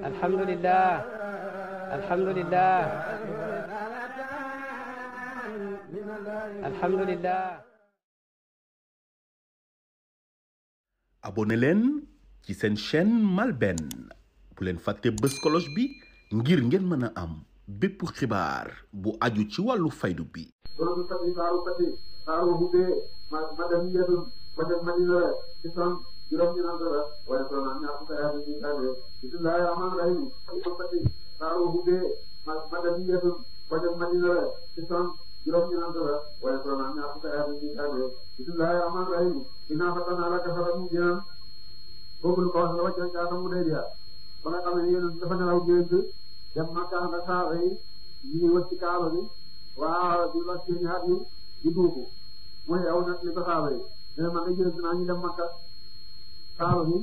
alhamdulilah alhamdulilah alhamdulilah abonné leen ci seen chen MALBN bu leen fàtte bës cloche bi ngir ngeen mën a am bépp xibaar bu aju ci wàllu faydu bi doon sabi saaru kati saaru hubee ma ma ma def madina juróom ñu naan dara waaye soo naan ñaar fukki at yi ñu tàggee bisimilah rahmaan rahim ma fati saaru hubbee ma ma def ko def madina la ci son juróom ñu naan dara waaye soo naan ñaar fukki at yi ñu tàggee bisimilah rahmaan rahim inna fatana laka fatan mubiinan ko wax la wàcce ca mu day dia ba nga xam ne yéen dafa nelaw gént dem Makka nga saaba yi ñu ngi wër waa di wax seen ñaar yi di duuku mu xew nag li ko yi mais man de jërëjëf naa saaba bi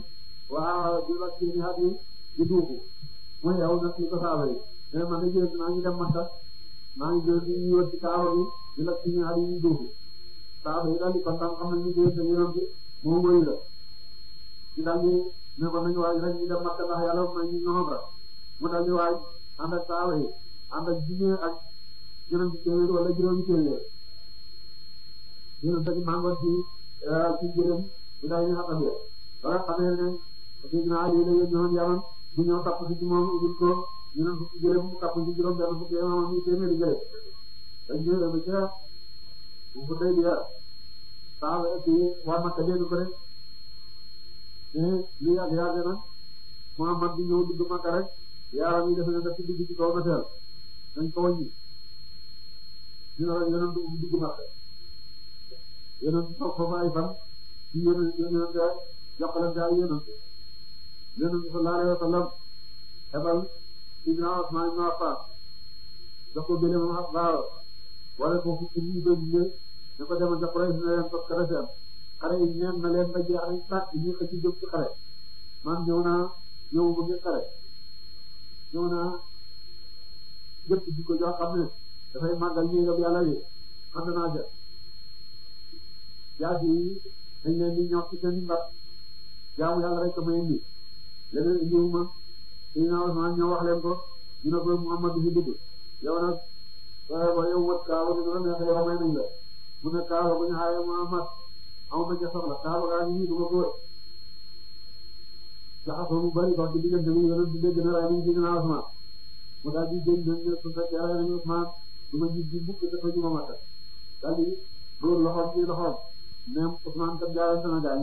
waaw di la seen at yi di duufu mu xew nag ñu ko saaba yi mais man de jërëjëf maa ngi dem Makka maa ngi jël di wër ci saaba bi di la seen at yi di duufu saaba yi daal di kontaan xam nañ ñu jël sa yërëm bi moom mooy la ci daal di ne ko nañu waaj rek ñu dem Makka ndax yàlla may ñu ñoom rek mu daal di waaj ànd ak saaba yi ànd ak jigéen ak juróomi téeméer wala juróomi téeméer ñu ne ko ci mango euh, ci ci jërëm di daal di xamal wala xamee ne Seydina Ali la yónnoon yaman di ñëw kapp ci moom ubbil ko ñu ne fukki gëlëm kapp ci juróom benn fukki yaman ñu téeméeri gëlëm dañ ñëw dem ca bu day bi saaba ci waa Makka dégg ko rek te lu yàgg yàgg na Muhammad di ñëw dugg Makka rek yaaram yi defe na daf ci dugg ci kaw na teel dañ ko wàññi ñu ne rek yonent dugg Makka yonent toog foofu ay fan jokkalante ak yéen a yéen a sallallahu alayhi wa sallam xebal Ibn Usman ibn Affan jox ko gële moom ak baaro wala foofu ci ñu doon ñëw ne ko demal jox Quraysh na leen toog xare seen xare yi ñeent na leen ba jeexal sàcc ñu xëcc jóg man ñëw naa ñëw ba ngeen xare ñëw naa jëpp di ko jox xam ne dafay màggal ñuy yóbbu jaamu yàlla rek ma indi leneen indiwuma Seydina Usmaan ñoo wax leen ko ñu ne ko Muhammad du fi dugg yow nag ba yow wat kaaba bi dina neex yow may nañ la mu ne kaaba bu ñu xaayee Muhammad amuma ca soxla kaaba gaa ngi nii du ma ko jaxasoo mu bari wax ci diggante bi yonent bi na raa ñu Seydina Usmaan mu daal di dégg ne su fekkee raa ñu Usmaan du ma gis di mukk dafa ñu ma matal daal di dóor loxoom ci loxoom même Usmaan kat jaarante na gaa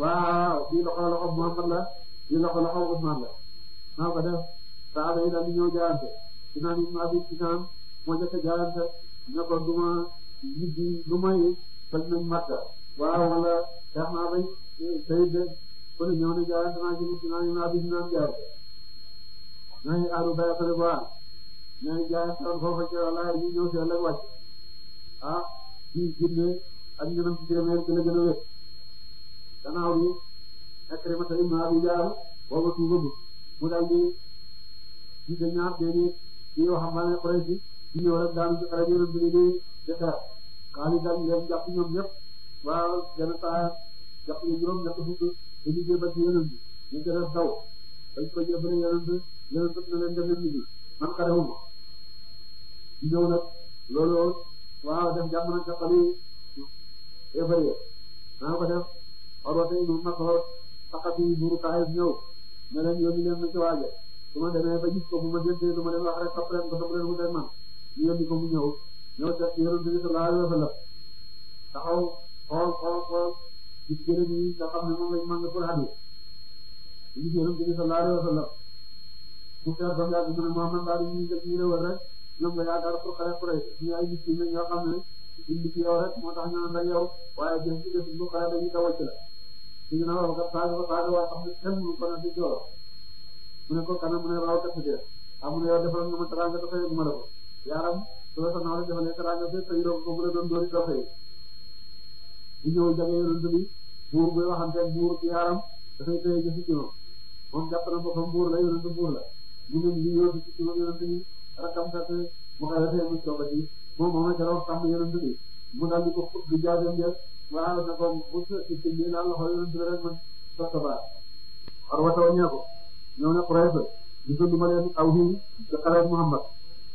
waaw fii loxo loxo Muhammad la fii loxo loxo Usman la maa ko def saaba yi daal di ñëw jaarante Usman ibn Abi Kisam moo jëkk a jaarante ne ko du ma yibbi lu may faj nañ Makka waaw wala tax naa bañ tey de kon ñëw na jaarante naa ci Usman ibn Abi Kisam jaarante nañ aaru bay affaire bu baax nañ jaarante woon foofa ci wala ñu ñëw si wàll wàcc ah fii gis nga ak ñeneen ci téeméer gën a gën a wér gannaaw bi Ikrimata ibn Abi Jahl booba tuubagut mu daal di gis ñaar seeni ci waxambaane Quraysh yi ci ñëw rek daanu ci xare bi yonent bi di defar Xaalid daal leen jàpp ñoom ñëpp waaw gën a saa jàpp ñu juróom ñett fukk dañu jébbal ci yonent bi ñu gën a daw dañ ko jébbale yonent bi yonent bi na leen def leen liggéey man xarewuma ñu ñëw nag loolu waaw def jàmm nag jàppale yéefar yi naa ko def xoroo tey moom ma soxor saxati buuru taxaw ñëw ne leen yónni leen ma ci waaje su ma demee ba gis ko bu ma gëstee lu ma leen wax rek topp ko topp leen mu dem man ñu yónni ko mu ñëw ñëw seet ci yonent bi sallallahu alayhi wa sallam taxaw xool xool xool gis jërëm yi nga xam ne moom lañ màng pour hadis gis yonent bi sallallahu alayhi wa sallam mu seet ba mu yàgg mu ne Muhammad daal ñu yi ñoo xam ne indi ci yow rek moo tax ñu naan la yow waaye ci def lu xale dañuy dawal ci la si ñu ne waaw kat saa yoo saa yoo waay xam ne kenn mënu ko naan di joor mu ne ko kanam mu ne waaw kat de ah mu ne yow defal na ma teraanga te fayal ma la ko yaaram su la sax naa la defalee teraanga te fayal ma ko mu ne doon doori doxee di ñëw jafe yonent bi buur buy waxanteeg buur ci yaaram dafay tëye jëfi ci moom moom jàpp na boppam buur la yonent buur la ñu ne ñu yor ci ci moom yonent bi rakam kat mu xëy na fee mu soobati moom moom la ca la wax sàmm yonent bi mu daal di ko di jaajëm jeex. waaw dafa ut si lii daal loxo yonent bi rek man soxna Ba xarala taw ñee ko ñoo ne Quraysh gisanduma leen aw hiin ci xareeb Muhammad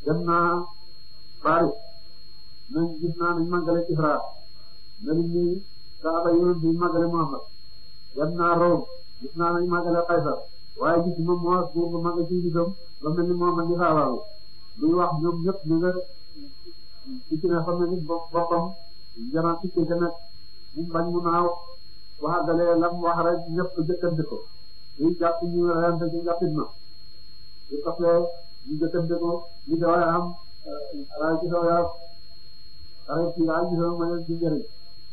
dem naa Paris nañ gis naa nañ màggale Isra ne nit ñi saaba yonent bi màggale Muhammad dem naa Rome gis naa nañ màggale Qaysar waaye gis moom moo as buur ba màgg ci gisam ba mel ni Muhammad di saabaaru luy wax ñoom ñëpp ñu nga ci ci ne xam ne nit boppam jamono ci ci nekk. mu bañ mu naaw wax dalee lam wax rek ñëpp jëkkante ko ñu jàpp ñu reyante ci jàppit na ñu toppee ñu jëkkante ko ñu doole am euh, raay ci sa yaaf raay ci raay ci sa ma leen ci njëriñ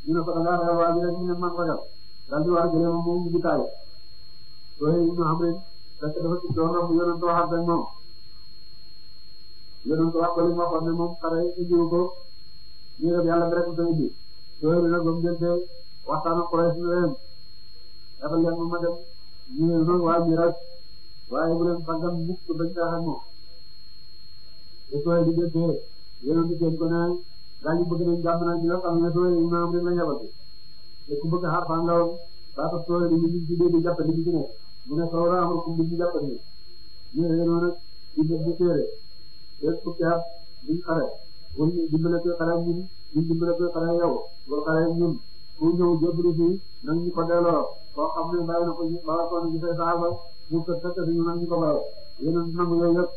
ñu ne ko da ngaa ragal waa bi rek ñu ne man ragal daal di wax gëlee moom mu ngi taale loolu yi ñu xam ne fekk dafa ci doon romb yonent wax ak moom yonent wax ko li mu waxoon ne moom xare indiwu ko ñu rek yàlla bi rek doy bi yooyu nag ba mu jël see waxtaan ak Quraysh ne waaye bu leen fàggam mukk bañ caaxaan moom. te sooy di jël see yéen a ngi seen ko ne gaa ñu bëgg nañ jàpp nañ ci la xam ne sooy yi maam rek la ñabati di ñu ngi ci dégg mu ne soo raamul kum di ci jàpp ni ñu ne yéen a nag di def di te fukki at xare. bu ñu dimbale koy xale ñun ñu dimbale koy xale yow boo xale ñun ku ñëw jébbalu fii nag ñu ko delloo koo xam ne bàyyi na ko ñu bala ko ñu say saaba mu fekk fekk si ñu nag ñu ko bàyyi yéen a nangu yooyu yëpp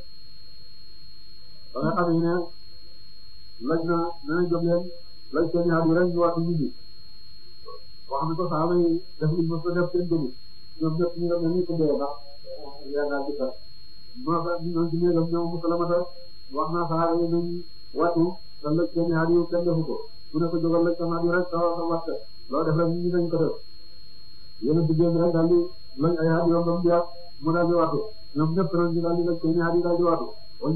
ba nga xam ne laj na dana jóg leen laj seen yaadu rek ñu wàttu nit ñi wax na ko saaba yi def li mos a def seen dugub ñoom ñëpp ñu dem nañu ko dee ba yaakaar ci sax mu ne ko ñu ngi ci néegam ñoom Musalamata wax na saaba yi nañu wattu sa lëkk seen aar yu kenn defu ko su ne ko jógal lëkk sama aar rek sa sa waxta loo a ay aar yoo xam ne mu daal di wattu ñoom ñëpp daal di daal di lëkk seen aar yi daal di wattu a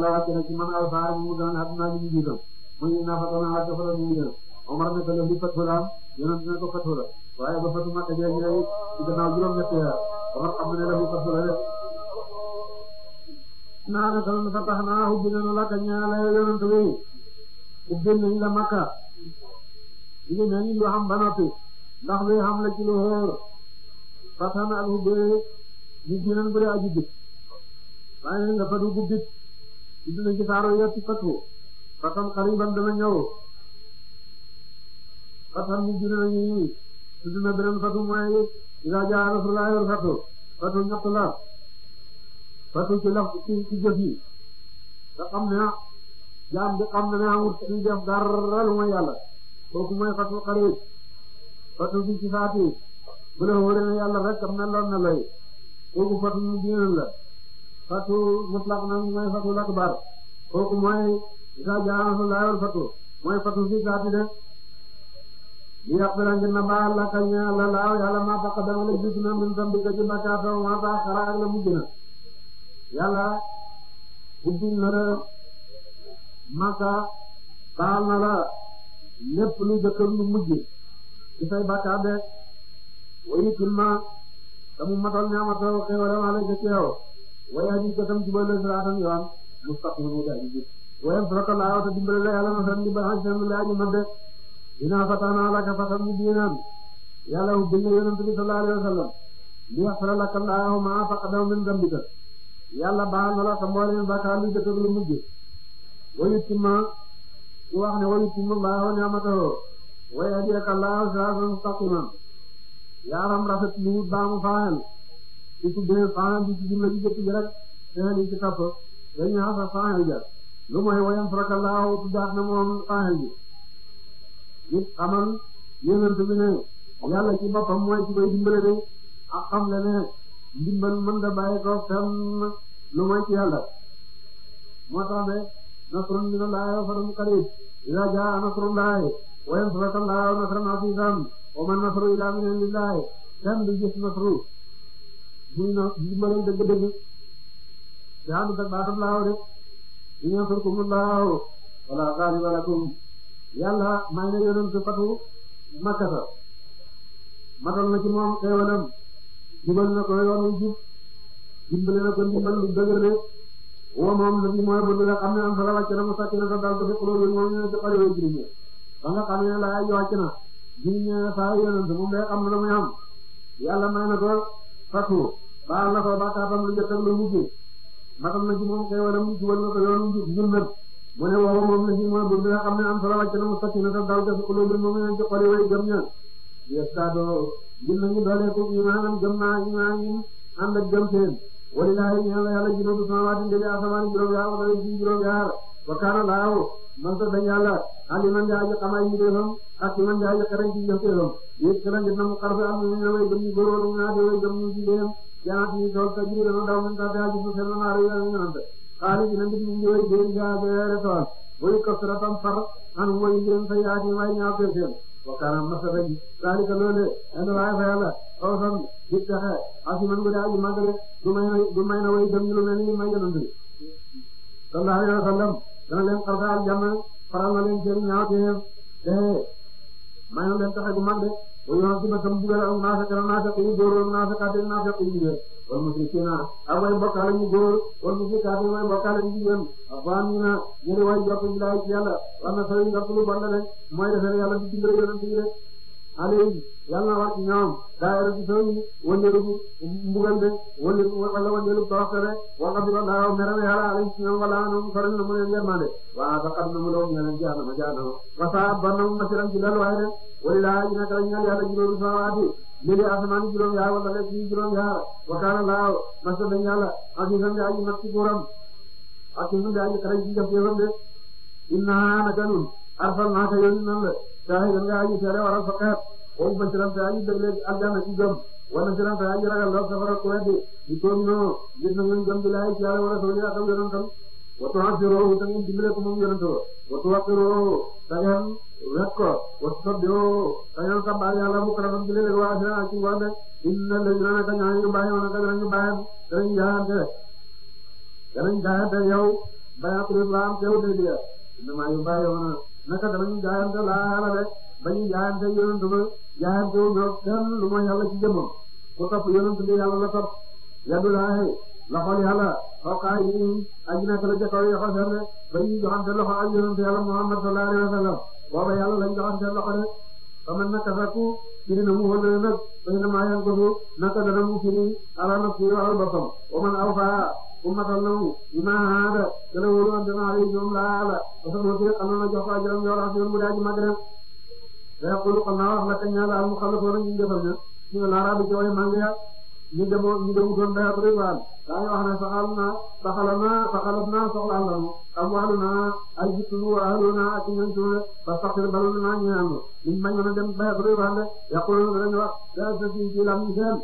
na ci man al saa mu gën a àdduna ñu ngi jiitam fa sama wàcce fa Omar ne ko leen di fatu la yéen a ko fatu la waaye ba fatu ma tëjee ñëwee ci gannaaw juróom-ñetti weer Omar xam ne la fi fatu naa la solo fattahnaa ubbi nañu la ka ñaale yonent bi la makka li nañu lu xam ba noppi ndax ci lu wóor fattahnaa ak ubbi ñu dinañ bëri aju bit waaye nga fa dugg bit ubbi nañ ci saaro yetti fatu fattan xariban dana ñëw fattan ñu dina nañu tudd na beneen fatu mooy ila jaa rasulullah fatu fatu ñett la parce ci la ci ci jëf yi nga xam ne jaam bi xam ne ne amul ci def dara lu mooy fatu ci saati bu la wóoree ne yàlla rek am na lool na lay kooku fatu mu diinal la fatu mutlaq na mooy fatu lakbar kooku mooy fatu mooy fatu li yàq dara baal la kañ la laaw yàlla maa tax a dem la gis na min tam bi ka ci bakkaatoo maa tax xalaat la mujj na yàlla ubbil na la Makka baal na la lépp lu jëkk lu mujj ci say bàkkaar de wayu tulma te mu matal ñaamata xewalam ala jëkk yow way aji jëkkam jubal la siraatam yoon mustaqim mu daji ji wayam suraka laa wata dimbale la yàlla masan di baax sen la aji mabbe dina fatana laka fatan bi diinam yàlla ubbil na yonent bi sallallahu alayhi wa sallam li yaxfara laka laahu maa taqaddama min dambika yàlla baal na la sa mbooleem bàkkaar bi dëkk lu mujj wayu timma ku wax wayu timma mbaa wa ni'matahu wa yahdiyaka Allahu siraatal mustaqiman yaaram rafet li wut baamu faaxel ci tuddee faaxel bi ci jumla ji jëkk ji rek fexeel yi ci topp dañuy xasa faaxel ja lu mooy wayam faraka laaw tuddaat na moom faaxel ci boppam mooy ci koy dimbale de ak xam le ne ndimbal mën lu moy ci yàlla moo tax ne nasrun minallahi wa fathun qarib idha jaa nasrullahi wa yansurullahi nasran azizan wa man nasru illa min indillahi kenn du gis nasru buñ na dimbalal dëgg-dëgg yaa ngi teg baatam laaw de in yansurkumullahu wala ghaliba lakum yàlla may na yonent fatu makkata matal na ci moom xéewalam jubal na ko yoonu jub dimbale na ko ndimbal lu dëgër de woo moom la fi mooy bu nga xam ne am sala wàcc na mu sàcc na sa dal dafa xuloo yéen moom ñene si xaliwoo jiriñe ba nga xam ne laay wàcc na jiriñe saa yonent moom day xam ne la muy am yàlla may na ko fatu baal na ko bàkkaatam lu njëkk ak lu mujj matam na ci moom xëy wala mujj wala ko yoonu njub njub nag mu ne woo moom la fi mooy bu nga xam ne am sala wàcc na mu sàcc na sa dal dafa xuloo yéen moom ñene si xaliwoo gëm ña yes taa doo gën nañu doole ko imaanam gëm naa imaan yi ànd ak gëm seen wala laa yi ñaan la yàlla juróomi sama waati ndege asamaan juróom-yaar wala ji juróom-yaar wa kaana laaw man sax dañu yàlla ali man jaaji xamaa yi deefam ak man jaaji xarañ ci jëfteefam yéen ci lan jot na mu xarfe am na ñu way gëm ñu góor wala ñu naa de way gëm ñu jigéen yaa ci tool sa jiw dama daw man sax daa ji seen na naar yi ak ñu nante xaalis dina nit ñi way déen jaa ba yore tool way kafra tam far an way ngeen sa yaati way ñaaw seen wa kaana masaraji dalika loole and waaye fa yàlla awsam di joxe asiman gu daal di màgg rek du may na du may na way dem lu mel ni may yonent bi sallallahu alayhi wa sallam dana leen xarxaal jàmm faral na leen seen ñaawteef te may na leen taxe gu mag de bu yoon ci bëtam digal ak naafeqa naafeq yu góor ak naafeqaat ak naafeq yu jigéen wal musrikina ak way bokkaale ñu góor wal musrikaat ak way bokkaale ñu jigéen afamina ñëri way jokk bilaay ci yàlla war na sori njort lu bon la rek mooy defal yàlla di dimbali yonent bi rek alayhim yàlla na war ci ñoom daayira ci sooy wëndeelu mbugal de wëndeelu wala wëndeelu toroxte de wala bi wala yow mere na yàlla alayhim ci ñoom wala ñoom sori na mu leen yërmande waaw ba xam na mu doon ñeneen jaanama jaanama wasa ban na mu masiram ci dal waaye de wala laa ñu nekk rek ñaan yàlla juróomi sawaati léegi asamaan juróom yaar wala lekk yi juróom yaar wakaana laaw masa dañ yàlla ak yi sam daaji nag ci kuuram ak yi sam daaji xaray ci jëf jëfam de inna saahidan nga aji seede waral sa xeet wala basiran te aji déglee aljanna ci gëm wala siran te aji ragal lor safara ku weddi di toog noonu gis na ngeen gëm bilaay ci yàlla wala soo ñëwaat ak yonentam watu asiroo te ngeen dimbale ko moom yonentoo watu wasiroo te ngeen inna lajina naka ñaan ñu bàyyi wala dana ñu bàyyi dana ñu jaayante dana ñu jaayante yow naka danañu jaayante laa de ba ñu jaayante yonent ba jaayante wu ñoom kenn lu mooy yàlla ci jëmmam ku topp yonent bi yàlla la topp yàlla la loxol yàlla xooqaay yi ak nekk la ca kaw yi xasee ne ba ñuy joxante loxo ak yonent yàlla Muhammad sallallahu alayhi wa sallam booba yàlla lañ joxante loxo de ba man naka fekku firi na mu wëlle nag bay na maa yan ko naka dana mu firi ala nafsi wal boppam wa man awfaa ummatal lahu liman hada te la wóolu woon dama alayhi ñoom laa yàlla parce que moom tamit am na jox ko ajuram yoo xam ne mu daal di màgg rek te yaqulu xam naa wax la kañ la al mukhallafuna ñu defal na ñu ne laara bi ci way màgg ya ñu demoo ñu demutoon bayat ridwan daa ñu wax ne saxal naa saxala naa saxalat naa soxla lanu amwalu naa ay jitulu wa ahlu naa ak ñan tuune ba saxir balu naa ñu am liñ bañ mën a dem bayat ridwan de yaqulu dañu wax daa sa ci ci lam seen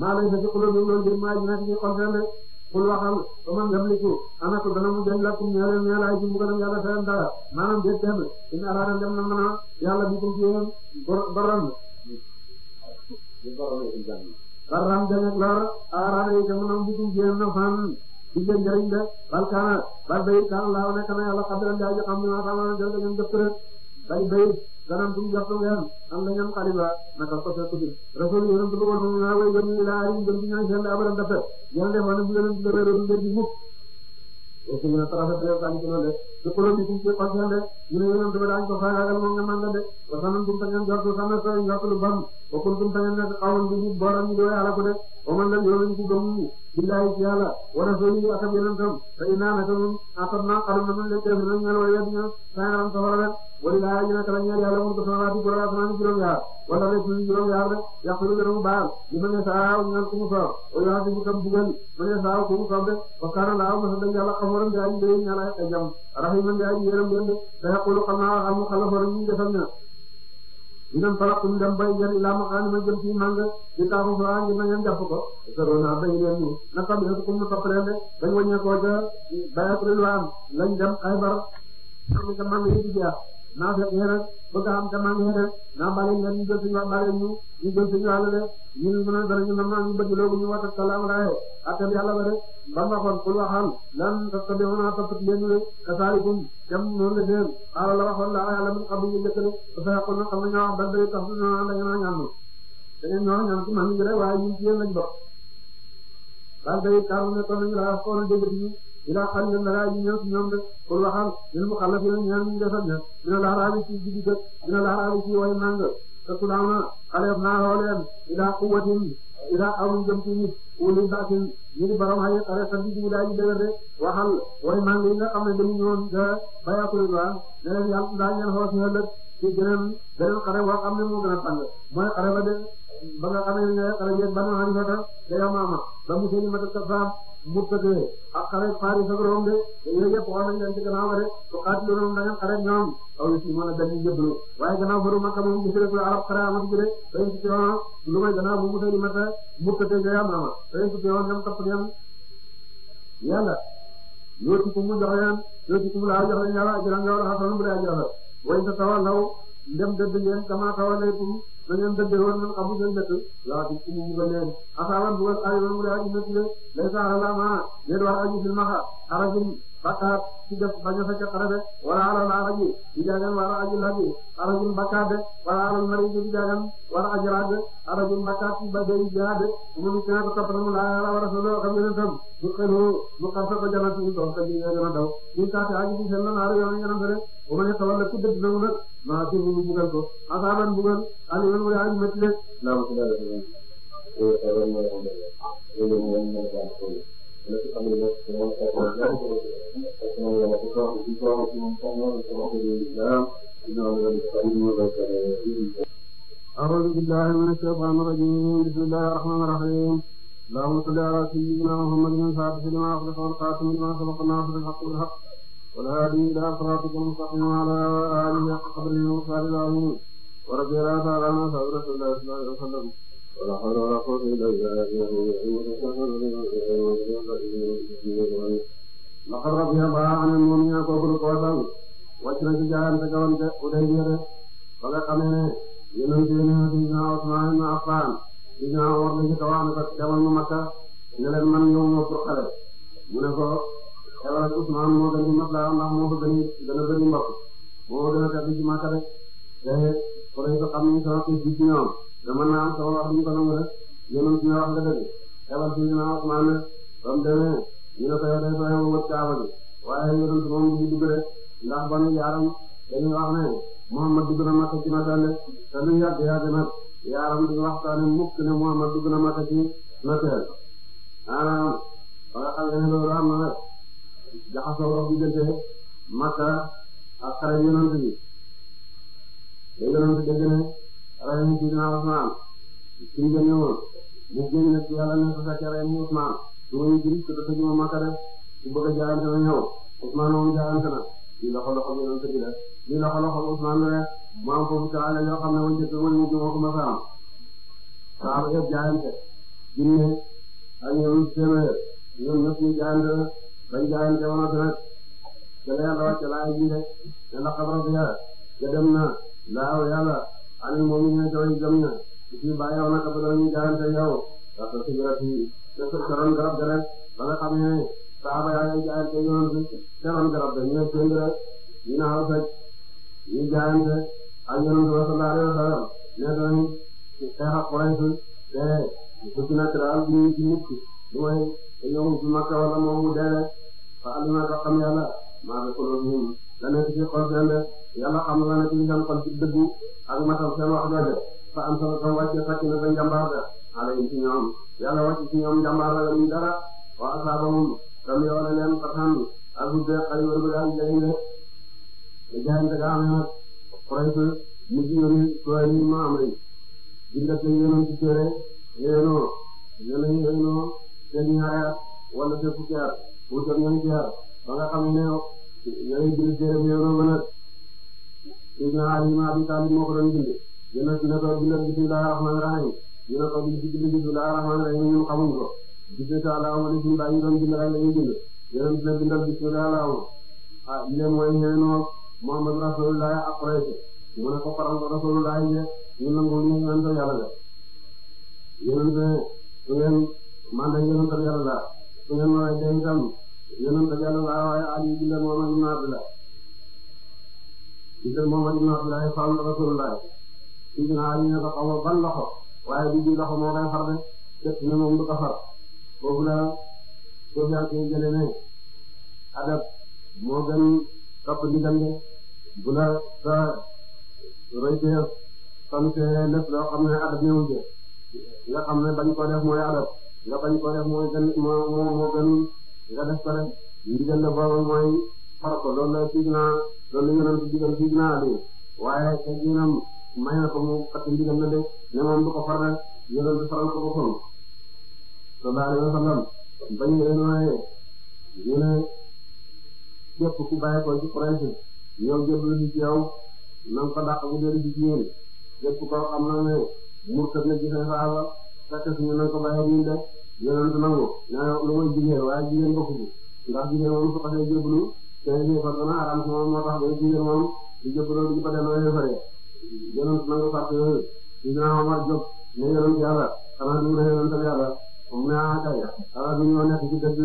maa lay sa ci xulóo bi loolu jël maa ji nekk ci xol seen rek bul waxal ba man yamliku ana ko dana mu jënd lakum ñaare ñaare ay jumbuganam yàlla fayam dara maanaam déet kenn in araada dem na mën a bi ko ci yéen baram baram dañu lor araada yi jamono bi ko ci na fan di leen bal kaana bal bay kaan laaw nekk na yàlla xabiran daa ji xam ne maa xam ne jël bay bay ganam buñ jox ko weer am na ñam xaliba naka ko fekk ci rasul yonent bi ko ñu na way gëm ni laa yi gëm ci ñaan seen abaram dafa yalla def na bu yonent bi reeru du di mukk ko ci na tara fa tan ci non de ko ko ci ci ko ñaan de ñu yonent bi dañ ko faagal mo nga man de wa sanam buñ tan jox ko sama ko ñok lu bam ko kun tan na xawon bi ñu borom ñu do yalla ko de o man la yonent ko gëm billahi ci yàlla wa rasulihi ak ab yonentam te innaa naka moom atam naa xarum na mun leen def nañ ñal wala yadina sangaram safara rek wala laa ñu naka la ñeel yàlla moom dafa waati bora sama ni juróom yaar wala rek ñu juróom yaar rek yaqulu lakum baal li ma ne saaw ñaan ku mu soob o yaa ci kam bugal ma ne saaw ku mu soob de wa kaana laa ma sa yàlla xamoram de ay de ñala ay jam rahiman de de da ndem falaku ndem bay jël ilaa maqaanima jëm ci mànga di taamu fa ngir na ngeen jàpp ko sarona bay leen ni na kam yéen kum topp leen de dañ wàññeekoo ca bayatul am lañ dem ay bar xam nga yi di naa fekk yéen a bëgg a am te maa ngi yéen a naa bale ñu ñu jël suñu wax bale ñu ñu jël suñu àll ñu ne danañu mën naa ñu ñu wax ak salaam rajo ak tamit yàlla ba de ba waxoon pour waxaan lan parce que demoon naa topp ci kasaalikum dem noonu la seen xaaral la waxoon laa yàlla mun xam ñu njëkk de parce que kon nag xam nga ñoo wax ba ñu naan da ngeen a ñaan da ngeen man ñu rek waaye ñun ci yéen lañ bokk daal day kaaru ne kon ñu laa wax ko woon ila xalil nara yi ñëw ci ñoom de pour waxal ñun mu xalafi na ñaan ñu defal ña dina laaraabi ci jigi dëkk dina laaraabi ci way màng te sulaama xaleef naa xooleen ila quwatin ila awum jëm ci nit wuli baatin ñu di borom xaye xare sa bigi daa ji dëgër de waxal way màng yi nga xam ne dañu ñëwoon de bayakuriba ne leen yàlla ndaa ñeen xoos ëllëg ci beneen beneen xare boo xam ne moo gën a tàng mooy xare ba de ba nga xam ne ñooy xare jeeg banu xanifata te yow maama ba mu seen i mata mu tëddee ak xare de yooyu yëpp wax nañ leen ci gannaaw rek su xaati loolu da ngeen xare ñoom aw si mën a dem jëblu waaye gannaaw faru Makka moom gis rek la arab xare amatu ci rek day ci teewoon lu may gannaaw bu mu tëddee mata mu tëddee jaya mama day ci teewoon ñoom topp ñoom yàlla yoo ci ku mu jox leen yoo a sa tawal law ndem dëgg ngeen kama tawallaytum na ngeen dëgg woon ngeen xamu seen dëkk laa bi mu mbugal leen asaaban mbugal aywa mu lay aji métti lay saara laa maa déet waa aji silmaxa xarajin bakkaar ci def bañ a fa ca xarale wala alal aaraji di wala aji labi arajul bakkaar wala alal mariji di jaagan wala aji raad arajul bakkaar ci ba dee jihaad ñoom ci nekk topp nañu laa yàlla war a solo xam ngeen tam ñu xënu ñu xarfe ko jana suñu doom ka dina gën a daw ñu kaate aji di seen naaru yoon ngeen fa de bu ma ne xawal la ku dëgg nangu nag maa ci ñu bugal ko asaaban bugal ali yoon wala aji métti de laa ma ci dara أعوذ بالله من الشيطان الرجيم بسم الله الرحمن الرحيم اللهم صل على سيدنا محمد بن ثابت لما أخلق والقاسم لما سبق ناصر الحق بالحق والهادي إلى صراطك المستقيم وعلى آله حق قدره وقال العظيم ورضي الله تعالى عن أصحاب رسول الله صلى الله عليه وسلم ولا حول ولا قوة إلا بالله لقد رضي الله عن المؤمنين وكفر قوتهم واشرك جاهل تكون أديبية فلا قمنا ينم دينه دينا عثمان بن عفان دينا عمر بن جوان تكون مكة إن لم من يوم وفرقه من هو xelal Ousmane moo gën di mat laa ndax moo ko gën a gën a bëri mbokk moo gën a tëdd ci màkk rek te ko xam ni sama kii bi ci ñoom dama naan sama wax ñu ko nangu rek yéen wax nga xewal si dinaa Usmaan nag ba ne ko yow day sooy wax ne Muhammad dugg na Makka ci natale te lu yàgg yàgg nag yaaram di waxtaane mukk ne Muhammad dugg na Makka ci natale maanaam ba nga xam ne loolu am na rek jaxasoo ray na sidina Usmaan suñ demee woon mu génn ci yàlla ne ko fekkee ray mu Usmaan su ma ñu gis te dafa ñëw Makka def su bëgg a jaarante na ñëw Usmaan moom jaarante na li loxo loxo bi yonent bi def li loxo loxo Usmaan la mu am foofu taala yoo xam ne wañ jëkk wañ mujj moo ko ma fa am saaba yëpp jaayante jinne ak ñoom séeméer ñoom ñëpp ñu jaayante bañ jaayante woon ak nag ca la yàlla wàcce laay ji de ne laqad radiya dem na laaw yàlla ani moom ñu ñëw ci gëm ña fii bàyyi woon naka ba doon ñu jaarante yow parce que garab garab ga rek ba nga xam ne saaba yaa ngi garab ga ñëw seen rek ñu naaw fekk ñu jaarante ak yoon bi sallallahu alayhi wa sallam wala moom mu dee ka xam yàlla maa ngi ko doon la nekk ci xol seen de yàlla xam la nekk ci seen xol ci dëggu ak matal seen wax jooje fa am solo tam wàcce fàcc na sa njàmbaar ñoom yàlla wàcc ci ñoom njàmbaar la ñu dara wa asaabahum tam yoole leen fatam ak hudde xali wër bu daal jëriñ de jaayante ga amee nag Quraysh mu ci yónni Suhayl ma am rek dinga te yónnoon ci téere yéenoo yéenoo yéenoo seen ñaari at wala seen fukki at wutal ñoom ci ba nga xam ne yooyu biir séeréer yow doon mën a suñu xaarandi maa fi Saalum moo ko doon bind. ñu ne dina ko bindal bismillaahi rahmaani rahiim ñu ne ko bind bismillaahi rahmaani rahiim ñun xamuñu ko. bisimilah laaw ma ne suñu baa ñu doon bind rek la ñuy bind. yéen dina bindal bismillaahi laaw ma ah lii mooy ñeneen Muhammad Rasulullah ak Quraysh mu ne ko faral ko Rasulullah ñu nangu ñu ñaan ko yàlla la. yéen su ngeen man dañu doon yàlla la su ngeen mën a jëriñ tam. yéen a jàll ba waaye Aliou Dile moom ak Ibn Abdullah Dile moom ak Ibn Abdullah Fall Rasulullah si dina Aliou ne ko xaw ma ban loxo bi bi loxo moo koy far de fekk ne moom du ko far foofu la Sofia kii jëlee ne adab moo gën topp ndigal de sa royteef comme que loo xam ne adab ñëwul de nga xam ne bañ ko def mooy adab nga bañ ko def mooy gën moo moo moo nga def ko rek ndigal la booba mooy far ko loolu la siig naa loolu la yonent digal siig naa de waaye te ginam may na ko mu fàtte ndigal na de ne moom du ko far rek yonent faral ko boppam sallallahu alayhi wa sallam bañ leen waaye ñu ne képp ku bàyyi ko nan ko dàq bu dee ci jigéen képp koo xam na ne murtat na ci sa saala nan ko bàyyi ñu de yéen a nangu naa lu muy jigéen waaye jigéen nga fubu ndax jigéen moom su ko defee jébbalu te yéefar dana aram si moom moo tax ba jigéen moom di jébbaloo di ko delloo yéefaree yéen a nangu fàtte yooyu dinaa Omar jóg ne yonent yàlla xanaa du ne yonent yàlla mu ne ah kay xanaa du ñoo nekk ci dëkk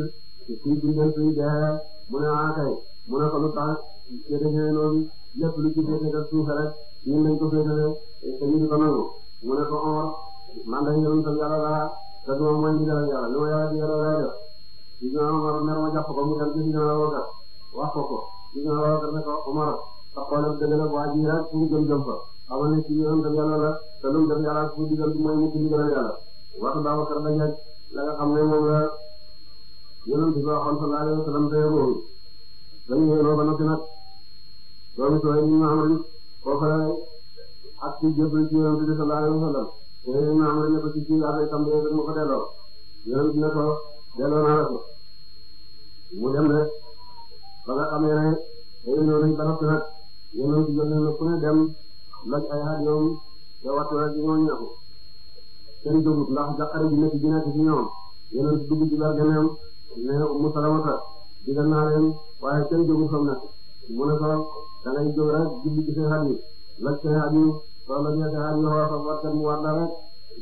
suñ suñ dem suñ dee mu ne ah kay mu ne ko lu tax te dañu loolu lépp lu ci féete def suuf rek ñun dañ ko féetale te ñu di ko nangu mu ne ko Omar man dañ yonent yàlla laa te du ma mooy ndigal yàlla lu ma yàlla digal lay def di nga Umar mer ma jàpp ko mu dem ci dina Abubakar wax ko ko dina Abubakar ne ko Umar sa xoolam dëgg la waa ji rek mu gëm gëm fa xamal ne ci yoon dem yàlla la te lu mu dem yàlla fu digal mooy mu ci ndigal yàlla wax Abubakar bañ a la nga xam ne moom la yonent bi waxoon sallallahu alayhi wa sallam tey boobu dañu yéenoo ba noppi nag doomu sooy ñu am rek koo xam ne ak ci jébal ci yonent bi sallallahu alayhi wa sallam yooyu ñu amal ne ko ci jiw affaire tam réew ma ko delloo yonent ne delloo naa la ko mu dem ba nga xam ne réunion nañ ba noppi nag yonent jot nañ ku ne dem laj ay at ñoom te waxtu rek ñoo ñaaxu kenn dugub ndax jaqare ji nekk ji nekk ci ñoom yonent dugg ci barkeneem ne Ummu Salamata digal naa leen waaye kenn dugub xam na mu ne ko da jóg rek julli ci seen yi laj seen yi loolu la ñuy defee ak ñoom wax wax mu war la rek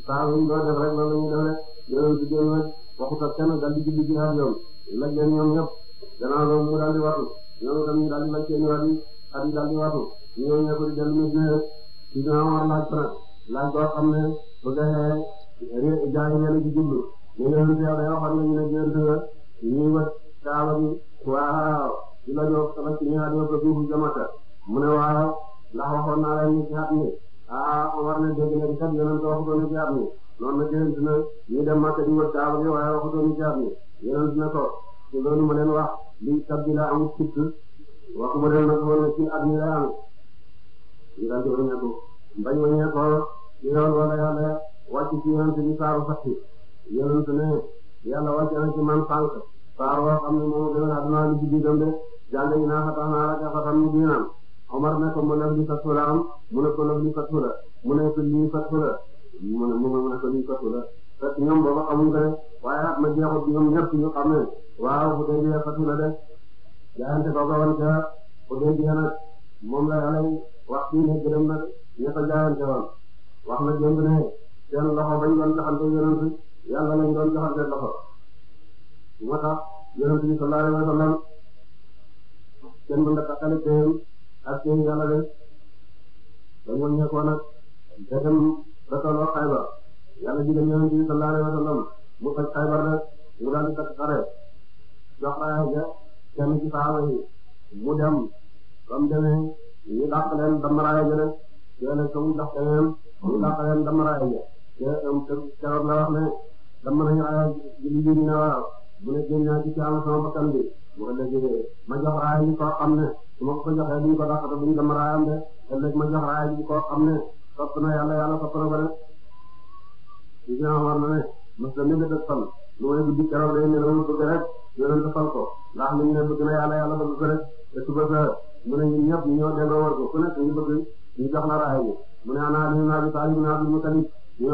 saa yu ñu doon def rek loolu la ñuy def rek yéen si génn rek waxut ak kenn daal di julli ji ak ñoom laj leen ñoom ñëpp gannaaw loolu mu daal di watu ñoom itam ñu daal di laj seen i wàll yi at yi daal di watu ñoom ñoo ko di jël ñu jëlee ci ginnaaw war laaj fana laaj boo xam ne bu dee jaay ngeen di jublu ñu ne lu teew day waxoon nañu ne jënd nga ñuy wët kaaba bi waaw di la ñëw sama ci ñaar ñëpp la duufu jamata mu ne waaw ndax waxoon naa leen ñu ci at mi ah war na dégg ne kat yonent waxu ko ni jaar ni loolu nag yonent na ñuy dem Makka di wër Kaaba gi waaye waxu ko ni jaar ni yonent na ko te loolu ma leen la amul sitt waxuma leen nag woon na ci at mi la am ñu daal di wëññeeku mbañ wëññeekoo ci yoon wala yàlla wàcc ci yonent bi saaru fatti yonent na ci man sànq saar ne moom gën a naa fa tax naa la ca Omar na ko ma lëf li fatu la mu ne ko lëf li fatu la mu ne ko lii fatu la mu ne mu ne ko lii fatu la fekk ñoom booba xamuñ ko de waaye at ma jeexut ñoom ñëpp ñu xam ne waaw bu dee jiyee fatu la de jaayante ko gawoon ca bu dee jiyee nag moom la yàlla wax fii ne gërëm nag ña ko jaayante woon wax na jënd ne seen loxo bañ doon joxante yonent yàlla lañ doon joxante loxo moo tax yonent bi sallallahu alayhi wa sallam kenn mën nga takkale teem ak seen yàlla de dañu wàññeekoo nag da dem ba tolloo Xaybar yàlla ji dem yonent bi sallallahu alayhi wa sallam mu faj Xaybar nag mu daal di takk xare jox raaya ja kenn ci saaba yi mu dem ba mu demee ñu dàq leen damm raaya ja de yàlla ca mu dàq leen ñu dàq leen damm raaya ja te keroog la wax ne damm nañu raaya ji li ñu ne waaw mu ne génn naa ci sama bakkan bi boo léegi ma jox raaya ji koo xam ne su ko joxee duñ ko dàqate buñ dem raayam de ëllëg ma jox raaya ji koo ne sopp na yàlla yàlla sopp na ko ne mos la mébét ak fan lu may ne la ma bëgg rek yonent fal ko ndax ne bëgg na yàlla yàlla bëgg ko rek te suba sa mu ne ñun ñëpp ñoo delloo war ko ku nekk ñu ne ana li naa bi taalib naa bi mu ne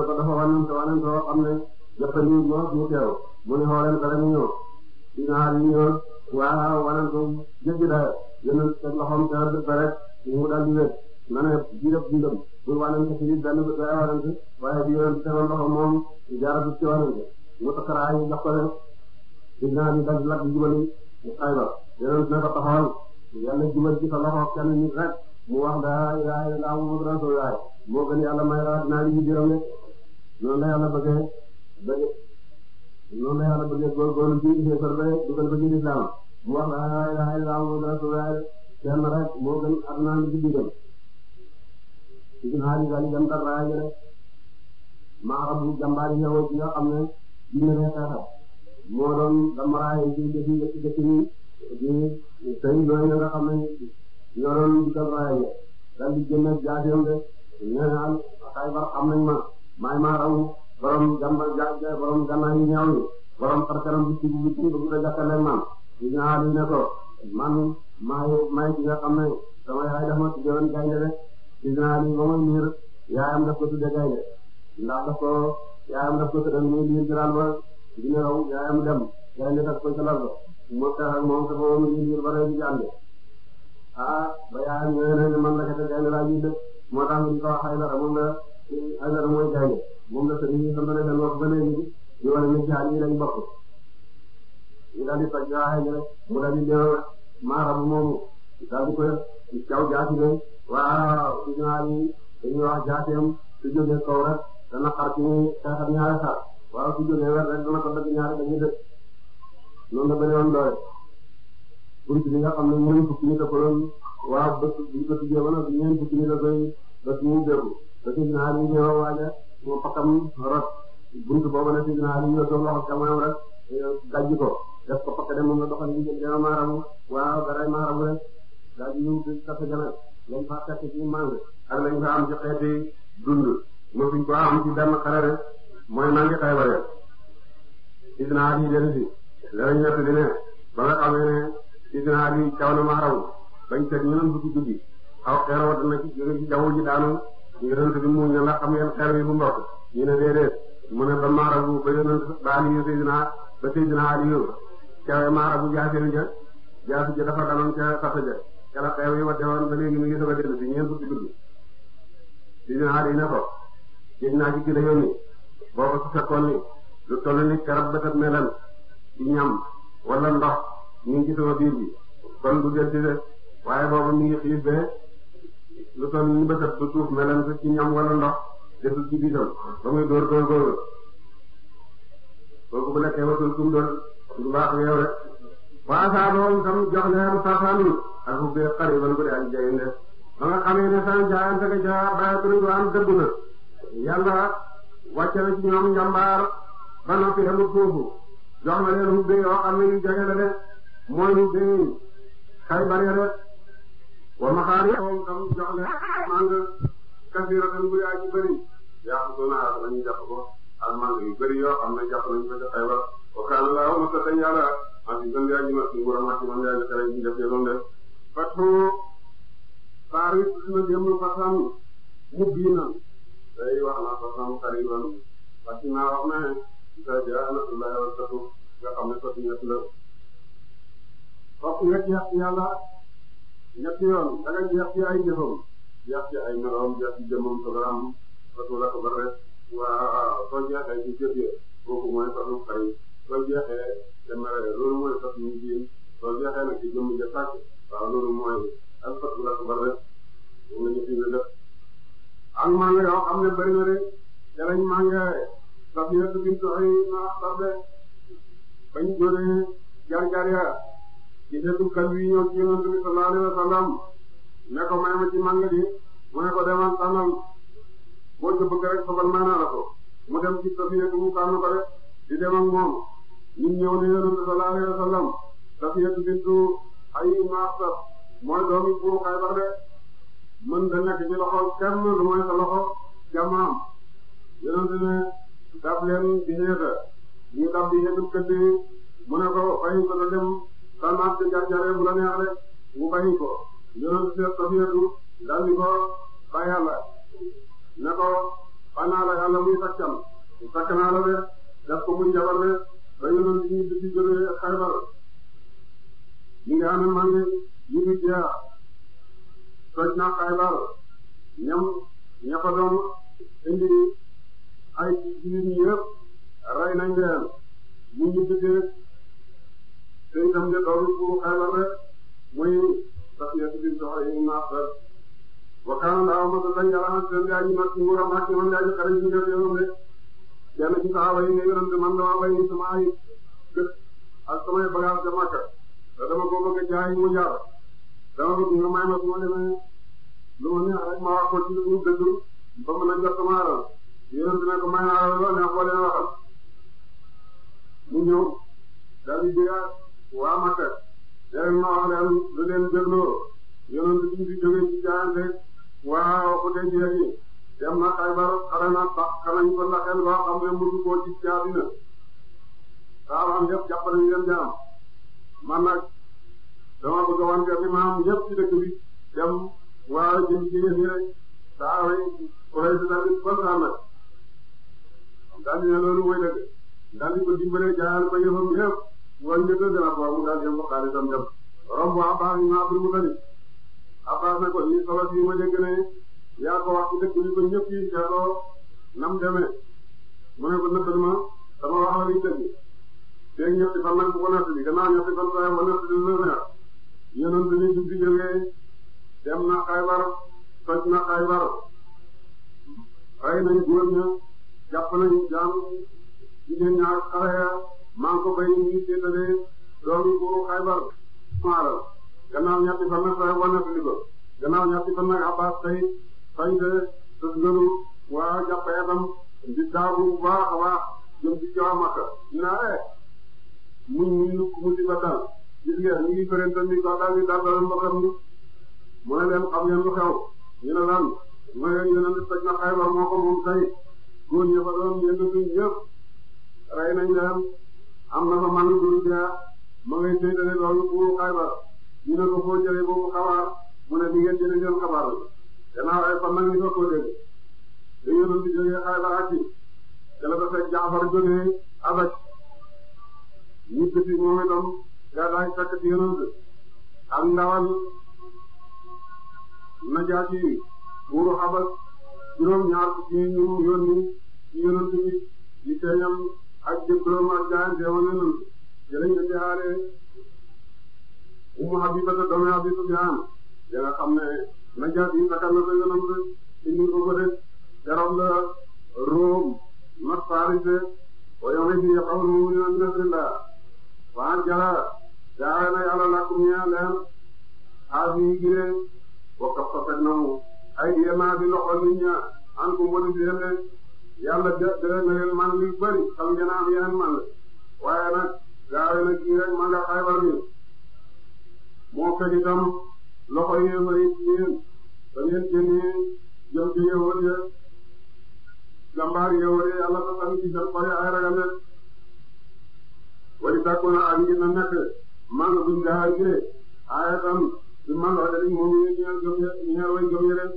ko dafa wanen te wanen te xam ne ne xooleen waa wane ko jéggi dayoo yéen a ba rek mu daal di wér ma ne ji def dundam pour wane ko ci benn benn wane waaye di leen teeloon loxoom moom jaaratu ci wane ko mu taxaraay ñu jox ko leen ci ginnaaw ñu daal di lakk jubali mu xayma yéen a ko taxawal yàlla jubal ci sa loxo kenn nit rek mu wax daa yaay daa mu mën a doon yaay moo gën yàlla may la di ji juróom noonu la yàlla bëggee ba dugal mu wax laa ilaaha illallaah Muhammadu rasuulullaah kenn rek moo gën aduna li ci digal ibnaali gali gam tar raaya jële maa rabbu jàmbaari ñëw ci nga xam ne dina ne xeexal moo doon dama raaya ci jëfi jëfi jëfi di tey ñooy nga xam ne ñoo doon digal raaya ja dal di génne jaasiyam de ñeenaal xay bar xam nañ ma maay maa raw borom jàmbar ja borom gànnaay yi ñaaw yi borom xar kanam bu ci bu ci bu ci da jàkkaleen maam dina aali ne ko man maay maay ki nga xam ne sama yaay ma tuddewoon gaynde rek dina aali ba muy niir yaayam daf ko tudde gaynde ndax daf ko yaayam daf ko tuddoon muy niir ci laal ba dina raw yaayam daf ko ci laal ba mu xeex ma moom dafa woon muy niir ba rëy di jànde ah ba yaayam ñëwee na ne man la kese gaynde laa jiite moo tax ñu ko wax Aydara moom la Aydara mooy gaynde moom la sëriñ yi sant nañ leen wax ba léegi ñu wane ne ci ñu daal di toj waaye ñu mu daal di ñëw maarabu moomu daal di koy caw jaasi ne waaw suñu ñaar yi dañuy wax jaaseem su jógee kaw rek dana xar ci xeexat ñaari xar waaw su jógee weer rek dana ko dëgg ñaari dañuy dëgg noonu la bëri woon doole bunt bi nga xam ne ñeent fukki nit a ko doon waaw bët bi bët bi yëngu nag ñeent fukki nit a koy bët bi mu déglu bët bi ñaar yi ñëw waaja mu pakam rot bunt boobu nag si ñaar yi ñëw doon wax ak camion rek gàjj ko. def ko fokk dem moom la doxal ñu jël jama maaramu waaw garay maaramu rek daal di ñëw di tasa jama fa fekk ci màng ak lañ fa am ci xeeti dund mosuñ ko am ci benn xarare mooy mangi xaybare isna ali dellu si danañ nekk di ne ba nga xamee ne isna ali caw na maaramu bañ seet ñu doon dugg dugg xaw xeer wa dana ci jóge ci ji daanu bi mu ñu la xam ngeen xeer wi bu mbokk ñu ne déedéet mu ne ba maaramu ba yonent ba aliyu sayidina ba sayidina aliyu cawe ma abu jaafeeru ja jaasu dafa daloon ca sata ja ca la xeew yi ba léegi mi ngi soog a dellu si ñeent fukki guddi si dinaa di ne ko géej naa ci yónni boo ko fekkoon ni lu toll ni karab bëtëb melan ci ñam wala ndox ñu ngi ci sama biir bi kon du delsi de waaye boobu mi ngi xiif be lu toll ni bëtëb du tuuf melan ko ci ñam wala ndox desul ci biiram ba muy dóor dóor dóor kooku bu lekkee ba tul kum dóor ku baax yow rek waasaaboo tam jox leen fasalu ak bu bee xariban bu dee ak jaynde ba nga xamee ne san jaayante ga ja bayatul Qur'an dëggu na yàlla wàcce na ci ñoom njàmbaar ba noppi amul foofu jox na leen hubbe yoo xam ne yu jege la de mooy hubbe Xaybar ya de wa maxaari moom tam jox leen màng kasiratan bu yaa ci bëri yaa xam soo naa dañuy jàpp ko ak màng yu bëri yoo xam ne jàpp nañ ko ci Xaybar wa kaana laahu ma tëdd yàlla azizan yaa ngi mas nguuram ak man yaa ngi kare bi def doon def fatu Paris na dem lu fasam mu biinan day wax na fasam xariban parce que naa wax ne isa jaa nasrullahi wal fath nga xam ne fatu ñett la fokk nga jeex ci yàlla ñetti yoon da nga jeex ci ay jëfam jeex ci ay meloom jeex ci jëmmam programme fatu la ko ba rek waa soo jeexee ci jëf yi kooku mooy fatu xarit soo jeexee te mare loolu mooy fas ñu diin soo jeexee nag ci jëmm ja sàkk waaw al fatul akbar rek moom la ñu fi def ak maa nga yoo xam ne bëri na de jarañ maa nga Safiyatu bintu Uyayna tarde bañ doone jaar-jaar ya ci detu kan wi ñëw ci Yonent bi sallallahu ne ko may ma ci di mu ne ko demal tànnal boo ci bëgg rek sobal may la ko mu dem ci Safiyatu mu tànn ko rek di dem ak moom ñun ñëw ne yonent sallallahu alayhi wa sallam Safiyatu bintu Hayy Ma'sar mooy doomi bu Xaybar de mën da nekk ci loxo kenn lu mooy sa loxo jamaam yonent ne daf leen di xeeta ñu daf di xeetu kët bi mu ne ko bàyyi ko da dem salmaat ci jarjare bu la neex rek mu bàyyi ko yonent seet Safiyatu dal di ko ba ne ko ba naa la yàlla muy saccam sakk naa la ba yónnoon ci di ci jógee Xaybar ñi nga xam ne maa ngi ñu na Xaybar ñam ña fa doon indi ay jiw nañ leen ñu ngi jógee te itam nga doon pour Xaybar rek muy Safiya bint Huyayy Nasr wa kaana daaw ma sa lañ yàlla xam ne seen gars yi nag ci nguuram ak ci man yaa ngi xale yu ñu kenn ci saxaaba yi ne yonent man damaa bay sama ay gët ak samay bagaas ca Makka te dama ko bëgg a jaay mu jaar dama nga may ma su ma demee lu ma neex rek ma wax ko ci lu dëgg ba mën a jot sama alal yonent ne ko may alal loo neex boo leen waxal mu ñëw daal di jéeyaat waa Makka léegi ma wax leen lu leen dégloo yonent bi ñu fi jógee ci jaayante waa waxu denc yi. dem na Xaybar xare na ba xanañ ko laxel loo xam ne mënu koo gis ci àddina saabam yëpp jàppale ñu leen jaam man nag dama bëgg a wante bi maam yëpp ci dëkk bi dem waa jëm jigéen rek saa way kuréel bi daal di kontaan nag daal loolu mooy dëgg daal ko dimbale jaayal ko yëfam yëpp wala njëkk a daal di yëngu xaalisam dem romb Abbas ñu ma abdul mu tani Abbas ne ko nii solo si ma dégg ne yaa ko wax ci dëkk bi ba ñëpp nam demee mu ne ko nëkkal ma dama wax la liñ ñetti fan nag bu ko natt ñetti fan saa yoo natt bi lu neex yonent dem na Xaybar toj na Xaybar rey nañ góor ña jàpp nañ jaam jigéen ñaar xale ya maa ngi ko béy ñu ngi Xaybar maaral gannaaw ñetti fan nag saa yoo natt li ko ñetti fan nag Abbaas tey sañ de sës ngënu waa jàpp yatam di daagu bu baax a baax jëm ci jawa Makka naa eh, muñ muñ lu mu di ba dal gis ngeen ñu ngi fërante ni ko daal di daal daal mbaxam ni mu ne leen xam ngeen lu xew ne lan mu ne leen yonent toj na Xaybar moo ko moom tey góor ñi fa doon yëngatuñ ñëpp rey am na fa man lu dul ma ngay séddale loolu bu Xaybar ñu ne ko foo jëlee boobu xabaar mu ne ni ngeen jëlee seen xabaar la gannaaw ay fan la ñu soog koo dégg li yonent bi jógee Xaybar ak ci te la dafa Jaafar jógee Abaj ñibbi si moom itam gàddaay fekk ci yonent ak ndawal Najaasi buuru Habas juróom ñaar fukki ñu yónni ci yonent bi di feeñam ak jëbbam ak jaayanteem ak yonent jëlañ ko jaaree Ummu Habiba doomi Abi Sufyaan ya nga ne na jaat yi naka la ko yonam rek indi ko ko def keroog la Rome not Paris wa yow it yéex a woon mu ne Nasrillah waan jala jaay na yàlla lakum ñaa leer aas yi giree wa kaf ko fekk na mu ay yéenaa bi loxo nit ña an ko mën di leen yàlla de de na leen man li bëri xam ngeen am yeneen man la waaye nag jaay na kii rek ma nga xaybar bi moo fekk itam. loxo yi yéen yéen ba ngeen génnee jëm ci yéewal ya jàmbaar yéewal ya yàlla na sax ci seen xol ay ragal leen wali tàkku na ak ngi na nekk man buñ jaay jee ayatam su man la rek moom ñu ñeen gëm ya ñeen way gëm ya ren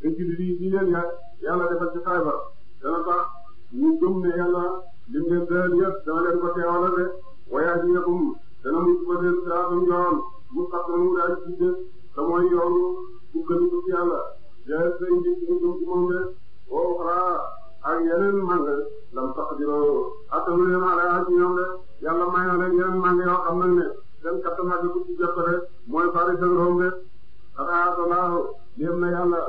te ci lii di leen ya yàlla defal ci xayba dana tax ñu gëm ne yàlla lim leen dël yëpp dana leen ko teewalal de wayaji yekum dana mu ci ba leen siraatum yoon mu xam ne mu daal di des te mooy yoonu bu gën a yàlla jërëjëf sëñ bi ñu gëm ci moom de woo xaraa ak yeneen màng lam sax di loolu attanu leen ala ci ñoom de yàlla may na leen yeneen màng yoo xam nañ ne seen kattan ak ku ci jot rek mooy fari seen romb de xanaa salaahu yéem na yàlla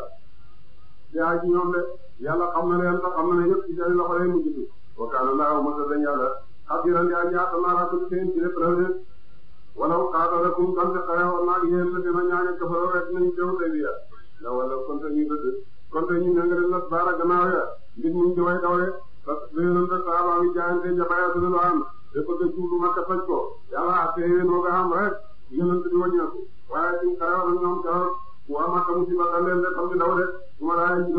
yaa ci ñoom de yàlla xam na leen sax xam na ne yëpp ci seen loxo lay mujj bi wa kaana laahu mos a dañ yàlla xam di leen yaa ñaata maaraatu seen ci lépp walaw qaatalakum donte xare woon naa di yéen dafina ñaaga kafaroo rek nañu teew tey bi a la wala konte ñu dëdd konte ñu ña nga def las baara gannaaw ya mbir ñu ci way dawee parce que yonente saaba yi jaayante jabayatul am te bëgg a juulu Makka faj ko yàlla atte yéen wooga am rek yonente bi waññeeku waaye suñ xare woon ñoom keroog waa Makka musiba daleen de xam di daw de su ma daaye ji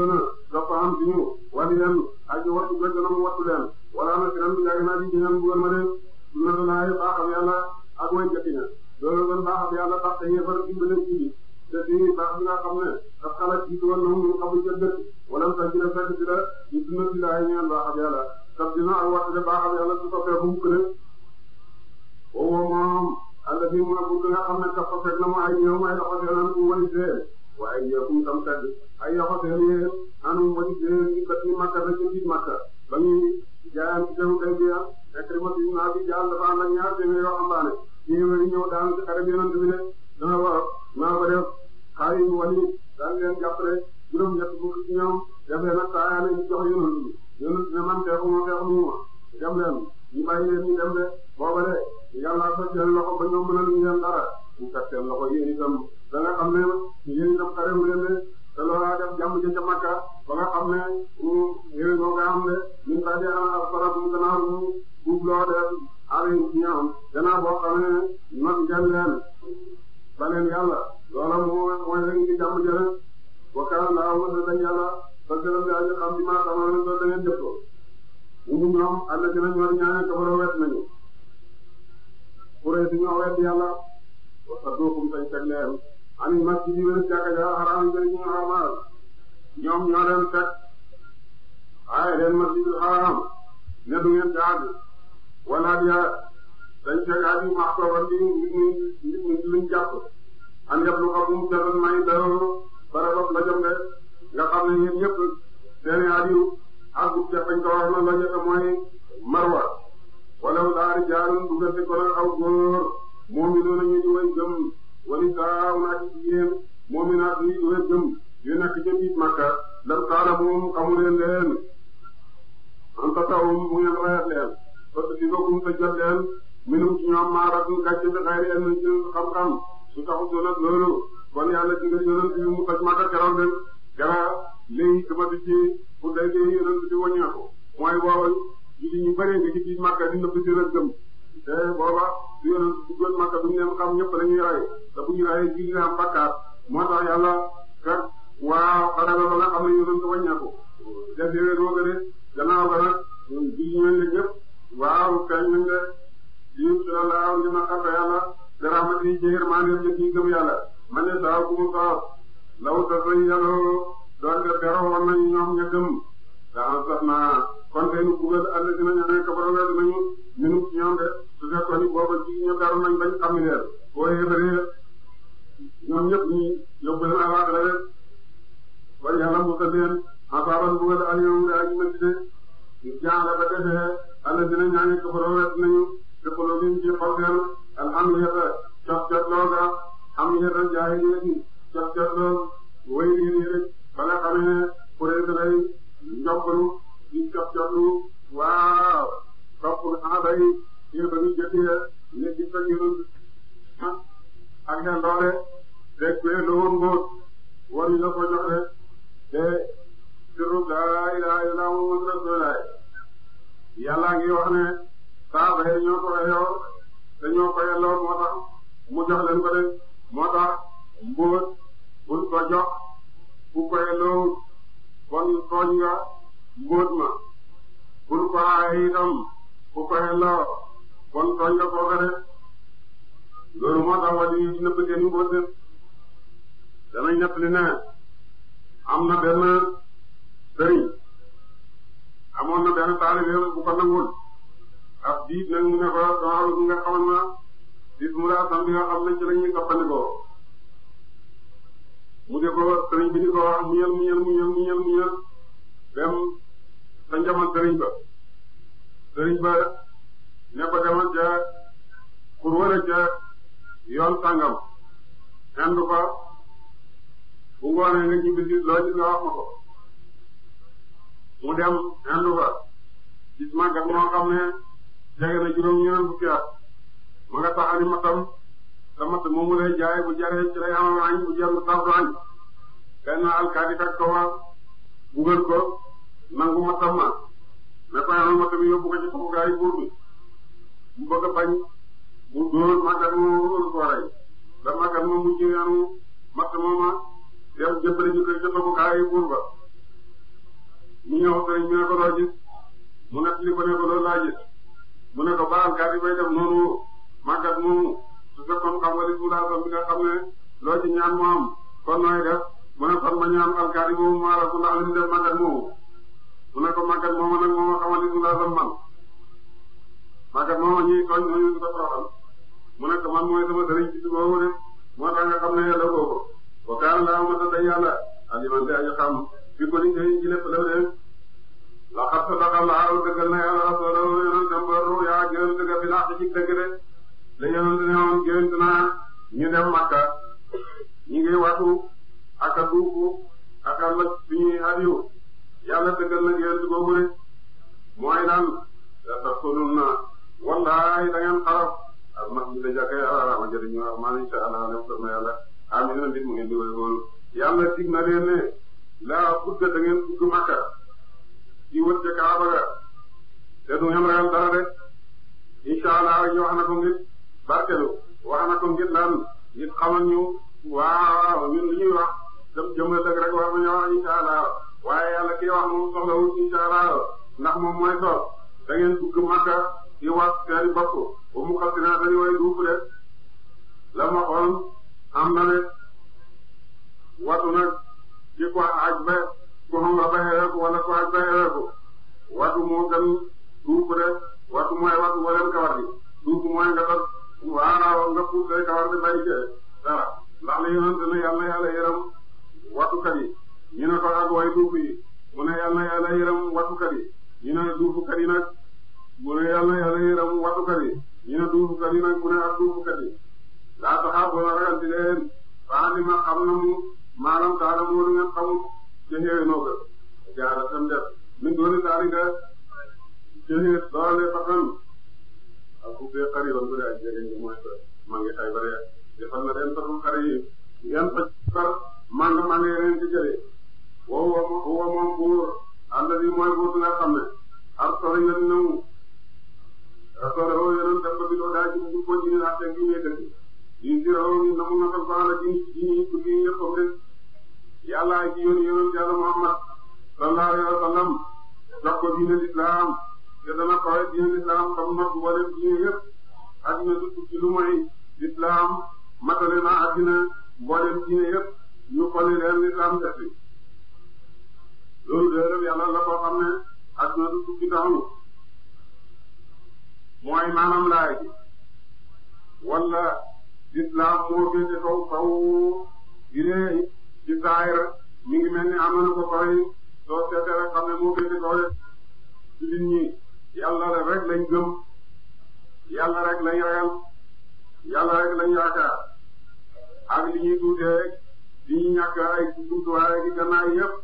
wa sadduukum tañ teg leen ani masjid yi wér jàkka ja xaraam yi dañ ñu xaramaal ñoom ñoo leen teg aaye leen masjidul xaraam ne du ngeen caag wala ya dañ teg aaj yu maax toogal di ñu ñu luñ jàpp an yab lu xamum jaran may daro barabam la jëm de nga xam ne ñun ñëpp seeni aaj yu àggut ca fañ ko wax na la jëkk mooy marwa wala wu daari jaarun dugal ci ko aw góor moom mi doon nañu way gëm wani saa wu naaj ci yéen moom mi naaj ñuy way gëm yu nekk ca biir Makka lan saala moom xamu leen leen an tatawum bu ngeen rayat leen parce que bokkum sa jot leen minum ci ñoom maaratu gàcce bi xayri am ci xam-xam su taxu doon ak loolu kon yàlla ci nga yonent mu faj Makka keroog rek gara léegi tamati ci pour day dee yonent bi wàññeeku mooy booba julli ñu bëree nga ci biir Makka di nëbb si gëm te booba su yéen a duggoon Makka duñ leen xam ñëpp dañuy rey te bu ñu reyee ji dina am bakkaar moo tax yàlla fekk waaw xarala ba nga xam ne yéen a ko wàññeeku. def yéen a doog a de gannaaw ba nag ji ñëwee na ñëpp waaw feeñ nañ de yéen si la laaw ñu ma xam ne yàlla dara ma ci jeexir maa ngi leen di gëm yàlla ma ne saa ku mu soob law sa sa yàlla doon nga beroo woon nañ ñoom ña gëm. daan sax naa kon tey nu bugal àll dina ñu nekk borom weer dinañu ñun ñoom de su fekkoon ni booba ci ñoom daal nañ bañ xam ni leen boo yëgalee ñoom ñëpp ñi yóbbu leen alaxira rek ba yàlla musal leen asaaban bugal àll yow daa ñu mën di de jaan la ba defee àll dina ñu nekk borom weer dinañu te xooloo bi ñu ci xol seen alhamdulilah cox cox lool ah alhamdulilah jaay yi ñu cox cox lool wéy yi nii rek ba nga xamee kuréel njombalu di jotjotlu waaw topp aada yi yéen ba ñu jëndee nit ñi fa ñëwoon ah, ak seen doole rek bee la woon ngóor war ñu la ko jox rek te turu laa ilaaha illallaa Muhammadu rasuulullaah yàlla ngi wax ne saaba yi ñoo ko yeyoo te ñoo ko yelloo moo tax mu jox leen ko rek moo tax mbóot buñ ko jox bu ko yelloo kon tooñ nga mbóot ma bul ko aaye itam ku ko xelloo kon tooñ nga koo ko def loolu moo tax wàllu yi dina bëggee ñu ko def danañ nekk li ne am na benn sëriñ amoon na benn taalibeem bu ko nangul ab diit nag mu ne ko dama nga xamal ma bis mu laa sant nga xam ne ci la ñuy toppandikoo mu ne sëriñ bi ni ko wax muñal muñal muñal muñal muñal dem sa sëriñ ba sëriñ ba ne ko demal ca pour wala yoon sàngam xendu ko bu ngoonee nga ñibbi si wax ma ko mu dem xendu ko gis màggat moo xam ne jege na juróom ñeneen fukki at ma nga taxani matam te matt moomu lay jaay bu jaree ci lay amam añ bu jarul sax du añ benn alkaati fekk ko war bugal ko nangu mattam ma ne ko yamal matt yóbbu ko ci suuf gaa buur bi mu bëgg bañ mu dóor màggat moomu loolu da màggat moom mu jëriñu matt mooma yam jëbbale ñu koy jëfandikoo gaa buur ba ñu ñëw sëriñ ñu ne ko loo gis mu nekk li ko ne ko loolu laa mu ne ko alkaati bay def noonu màggat moomu su fekkoon xam nga li suulaasam bi nga xam ne loo ci ñaan moo kon nooy def mu ne kon ma ñaan alkaari boobu maa la ko ndax li mu def màggat moomu mu ne ko màggat moomu moom moo xamal li suulaasam man màggat moomu ñuy tooñ ñooñu di ko tooxal mu ne ko man mooy sama sëriñ ci boobu de moo tax ne yàlla boobu wa kaana laa ma tëdd yàlla alimante aji xam fi ko ni tey ci lépp la de la xas sa daxal laa dëggal na yàlla soo daw yonentam ba ruyaa jël dëgg bi laa ci dëgg de la yonent ne woon gént naa ñu dem Makka ñu ngi watu ak a duufu ak a lëkk suñuy hadiyu yàlla dëggal na gént googu rek mooy lan la taxulunna wallahi da ngeen xaraf al masjid a jàkka yàlla ala ma jëriñu wax maa insha Allah ne ko na yàlla amin na mbir mu ngeen di wéy loolu yàlla dig na leen ne laa budda da ngeen dugg Makka di wër ca Kaaba ga te du ngeen ragal dara rek insha Allah rek ñu wax na ko ngir barkelu wax na ko ngir lan ngir xamal ñu waaw ñun li ñuy wax dem jëmmalëg rek war nañoo wax incha allah waaye yàlla kii wax moom soxlawul incha allah ndax moom mooy soos da ngeen dugg Makka di wax seeni bopp ba mu xas dinaa dañu way duuf de la ma xool am na ne watu nag ci ko aj ba ko xam la ba xeereeku wala ko aj ba xeereeku watu moo gën duuf de watu mooy watu waleen kawar gi duuf mooy nga tas waaw nga puus lay kawar bi bàyyi cee dara ndax li yonante ne yal na yàlla yërëm wattukat yi ñu ne ko ak way duuf yi mu ne yal na yàlla yërëm wattukat yi ñu ne duufukat yi nag mu ne yal na yàlla yërëm wattukat yi ñu ne duufukat yi nag mu ne ak duufukat yi laa taxaab boo ragal ci leen faalima xam na mu maalam taala moo lu ngeen xamul ca xéwé noo ko jaara sam def min dooni taaliga ca xéwé doole fasan a bu fee xar yoon bu dee ak mooy maa ngi xay ba dee defal na leen saxul xar yi ngeen fa far maa ngi maa ngi yeneen ci jëlee wow wow moom buur àll bi mooy buur bi nga xam ne ar sori ngeen ñëw restaurant yeneen def ko bi doo daa ci bu ko ci laajte gi ñuy dëkk yi ci raw yi namu nakal baax la ci ci ñuy dugg yi ñëpp de yàllaa ci yoon yoonu yàlla Muhammad sallallahu alayhi wa sallam jox ko diine lislaam te dana kawe diine lislaam xam not mboolem diine yëpp addina du tukki lu mooy lislaam matale na addina mboolem diine yëpp ñu xoli leen lislaam def bi loolu dërëm yàlla la koo xam ne addina du tukki taxunu mooy maanaam laay ji wala lislaam moo féete kaw kaw yi ne ci saayir mi ngi mel ni am na ko kawe soo seetee rek xam ne moo féete kaw rek ci nit yàlla rek lañ gëm yàlla rek lañ ragal yàlla rek lañ yaakaar ak li ñuy tuutee li ñuy ñàkk ay jumtuwaay ak gannaay yëpp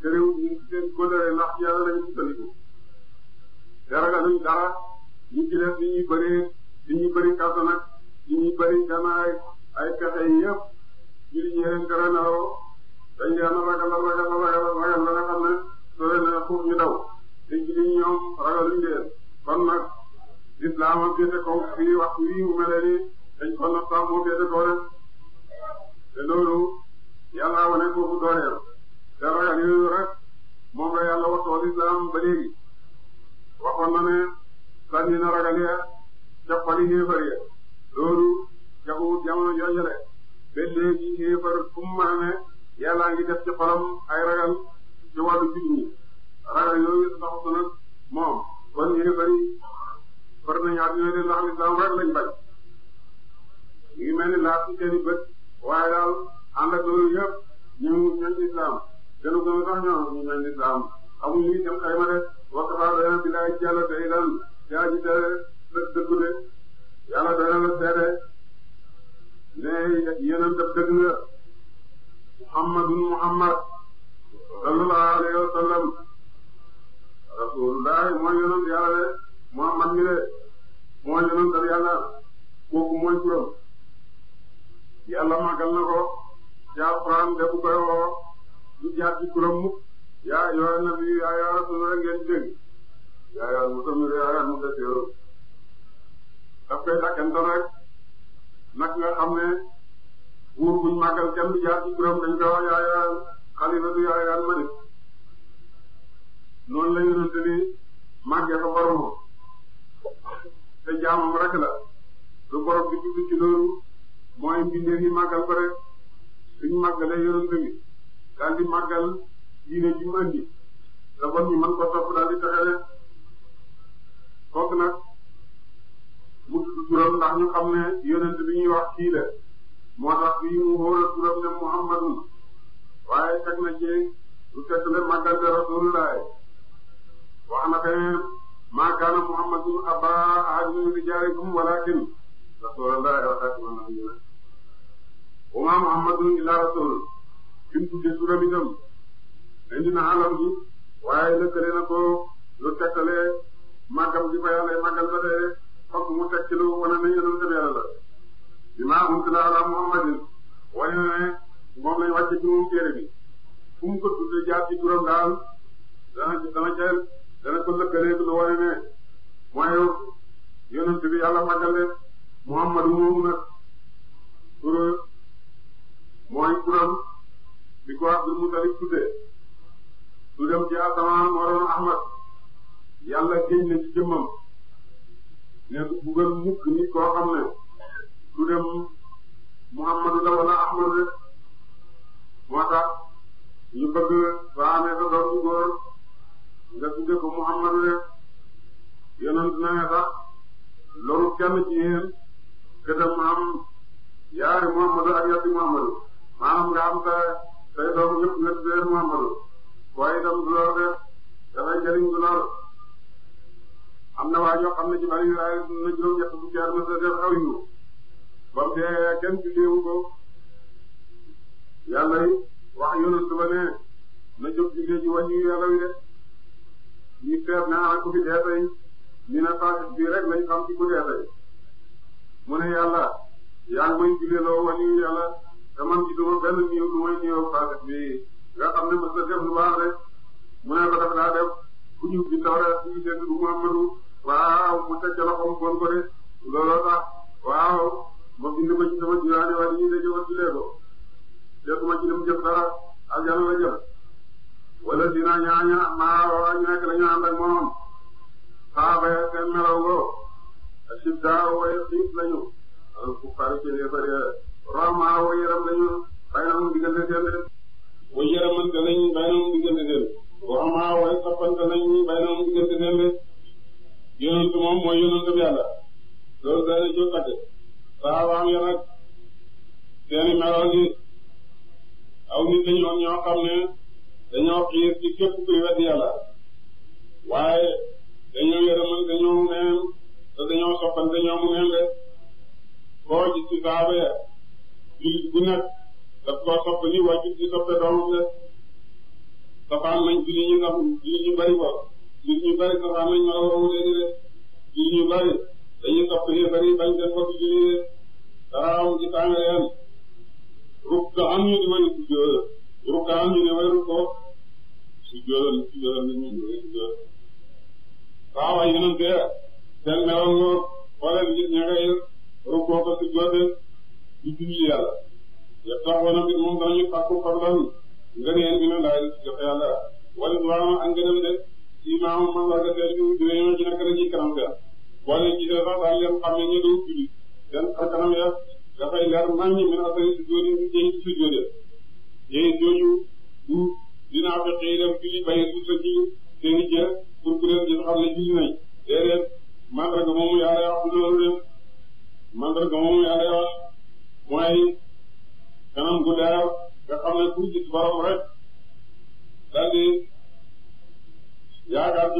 te réew ñu seen kóllëre ndax yàlla lañ sukkandiku te ragaluñ dara ñu ci def li ñuy bëree li ñuy bëri kàttan nag li ñuy bëri gannaay ay pexe yëpp ñu li ñu leen tere nelaw dañ leen ragal ragal ragal ragal ba nga xam ne soo leen ñu daw te jullit ñoom ragaluñ leen kon nag lislaam a féete kaw fii wii mu mel ni dañ ko naftaam moo féete rek te loolu yàlla wane foofu dooleel te ragal yooyu rek moom la yàlla waxtoo lislaam ba léegi waxoon na ne sànni ragal ya ca xoli xéefar ya loolu jagu jamono joojale léegi xéefar fu ne yàllaa ngi def ci xolam ay ragal ci wàllu jullit ñi ragal ah, yooyu tax ko nag moom kon ñu ngi bëri war nañu at ñooy de ndax lislaam rek lañ bañ ñu ngi mel ni laaj ci seen i bët waaye daal ànd ak loolu yëpp ñu ñooñ lislaam gën a gën a sax ñoom ñu ñooñ lislaam amul luy dem xayma de waxtu faa doy na bilaay yàlla day daan yaa ji de dëggu de yàlla doy na la seede ne yéen def dëgg nga muhammadun muhammad sallallahu alayhi wa sallam rasulullahi mooy yonent yàlla de Muhammad mi de mooy yonental yàlla kooku mooy turam yàlla màggal na ko ci alxuraan de bu koy woo du jaar ci turam mukk yaa yoo na bi yaa yoo rasul ngeen dégg yaa yoo mutamir yaa yoo mutasir daf koy dakkantal rek nag nga xam ne buur buñ màggal kenn du jaar ci turam dañ koy wax yaa yoo xalifatu yaa yoo malik noonu la yonent bi màggee fa boromam te jaamam rek la lu borom bi jublu loolu mooy mbindeef yi màggal ko rek suñ màggalee yonent bi daal di màggal diine bon ñu mën ko topp daal di taxale kooku nag mu tudd turam ndax ñu xam ne yonent bi ñuy wax kii la moo tax bi mu wóor a turam ne muhammadun waaye teg na ci lu teg le màggal de rasulullah wax na feneen ma kaana muhammadun aba ahadin min rijaalikum walakin rasulallahi wa xaatiman nabiyyiin wa ma muhammadun illa rasul fi mu tuddee suuram itam indi na alam gi waaye lëkkale na ko lu tekkalee màggam gi ko yàlla màggal ba dee fokk mu teg ci lu wane ne yonent bi yàlla la bi ma unsila ala muhammadin wane ne moom lañ wàcce ci moom téere bi fu mu ko tuddee jaar ci turam daal dana dana ca dana ko lëkkaleeg lu ne mooy yonent bi yàlla màggal leen Muhammadu moomu nag mooy turam bi ko Abdul Mutalib tuddee su dem ci asamaan moo doon Ahmad yàlla géej na ci ne bu gën mukk nit koo xam ne su dem Muhammadu la wala Ahmadu rek moo tax ñu bëgg soo amee nga tudde ko Muhammadu de yonent na nga sax loru kenn ci yéen que am yaari Muhammadu ak yatti Muhammadu maanaam nga am say doom nga tuddee Muhammadu waaye itam du lor de dafay jëriñ du lor am na waa ñoo xam bari ay kenn julliwu ko yàlla wax yonent ba ne na jóg ji wàññi yàlla wi de ñu seet ne ana ku fi dee tey ñu ne Fatou bii rek lañ xam ci ku dee tey mu ne yàlla yaa ngi may julleloo wàññi yàlla te man ci duma benn néew lu may néew Fatou bii nga xam ne mos na def lu baax rek mu ne ko def naa def ku ñu bi tawra ci dégg bu Muhammadu waaw mu teg ca loxoom bon ko de looloo tax waaw ma bind ko ci sama diwaane wala ñuy dajoo ko jullee ko jotuma ci dem jëf dara ak yàlla la jëm. wala dina ñaaña maawoo ak ñekk la ñu ànd ak moom saaba ya seen melaw ngoo ashiddaa way xiif lañu al kuffaar ci yéefar ya ramaa way yaram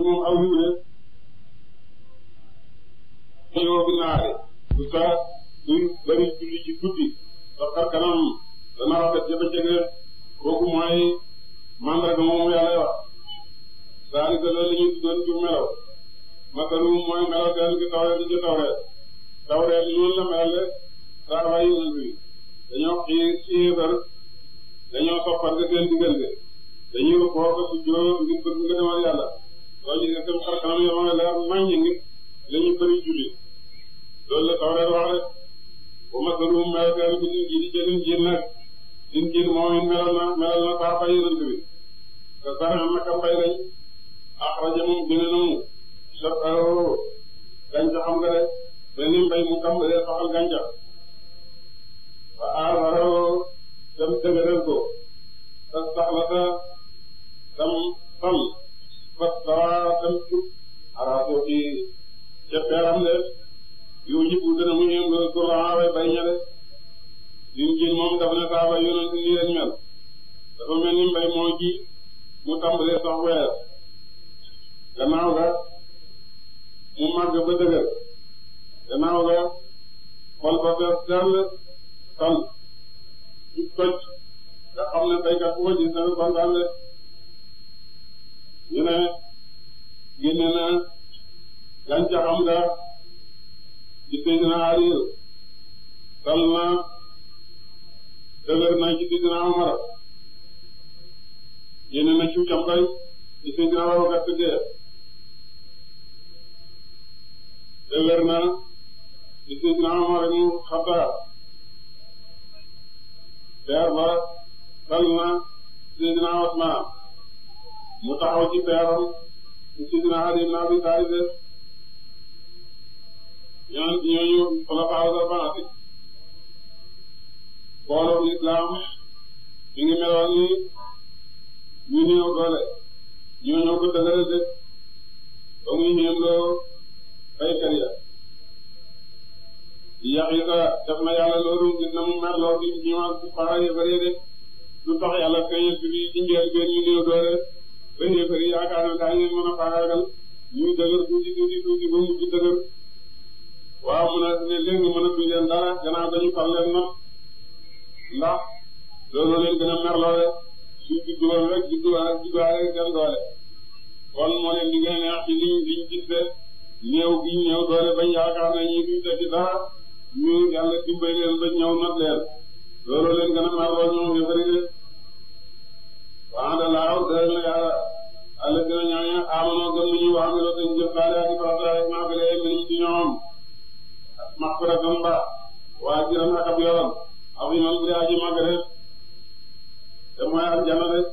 ci moom aw yiw la bu saa duñ julli ci guddi sax kanam dana rafet ca bëccëg kooku mooy mandarga moomu yàlla wax daanaka loolu la ñuy tuddoon jur melaw masalu mooy melaw daal di tawree di ci tawree tawree li noonu la mel ne saa waay yonent dañoo xiir xiir dañoo soppar seen diggante dañuy xool su jóor ngir bëgg nga demal yàlla soo gisee seen xar kanam yoo xam ne leer naññ nit la ñu bëri julli loolu la taw reer wax rek bu masalum mel seen bi di jiidi ca din jiin nag din jiin moom it melal na melal na saa fay yonent bi te sax naka fay lañ axraja moom gën a namu saqaro gàncax xam nga de benn mbay mu tàmbalee saxal gàncax ba aararoo dem dëgëral ko te saxla ta tam tam fat sawa tan jub araato ci ca peeram de yu jibu dana mu ñëw loolu kuraawe bay ña de liñ jin moom dafa ne saaba yonent yi leen mel dafa mel ni mbay moo ji mu tàmbalee sax weer gannaaw ga mu màgg ba dëgër gannaaw ga xol ba fees dell tan ñu toj nga xam ne baykat bu ko gis dana kontaan de ñu ne génne na gàncaxam nga ci Seydina Aliyu dal na dëgër na ci Seydina Umar génne na cuucam kay ci Seydina Abubakar Siddiq dëgër na ci Seydina Umar ibn Xattaab leer ba dal na Seydina Usmaan mu taxaw ci peeram ci sidina Ali ibn Abi Talib ñooñu ñooñu xulafaaw arbaati booloo lislaam mi ngi meloon ni ñu néew doole ñoo ñoo ko dëgëral de ba muy ñëw loo baykat ya Yaxiisa def na yàlla loolu gis na mu mer lool di ñëwaat ci paara yi bëree de lu tax yàlla feeñal fi di njëlbeen ñu néew doole. benn yëfër yi yaakaar na daañu leen mën a faagaagal ñuy dëgër tuuti tuuti tuuti ba mujj dëgër waaw mun a ne léegi a tuñ leen dara gannaaw dañu fal leen not ndax loolu leen gën a merloole su judduwoon rek judduwaale judduwaale seen doole kon moo leen di gën a neex ci liñ liñ gis de néew gi néew doole bañ yaakaar ne ñii duñ tekki dara ñu yàlla dimbali ñëw not leen loolu leen gën a merlool ñoom yëfër yi de waaw da laaw dëgg la yàlla allah dina ñooñu amanoo gëm nañu wax ne la dañu jëf baale ak i farataay maa ngi lay mel ci ñoom max ko def ba waa jiran ak ab yoram ak yu mel ni daa ji màgg rek te mooy aljanna rek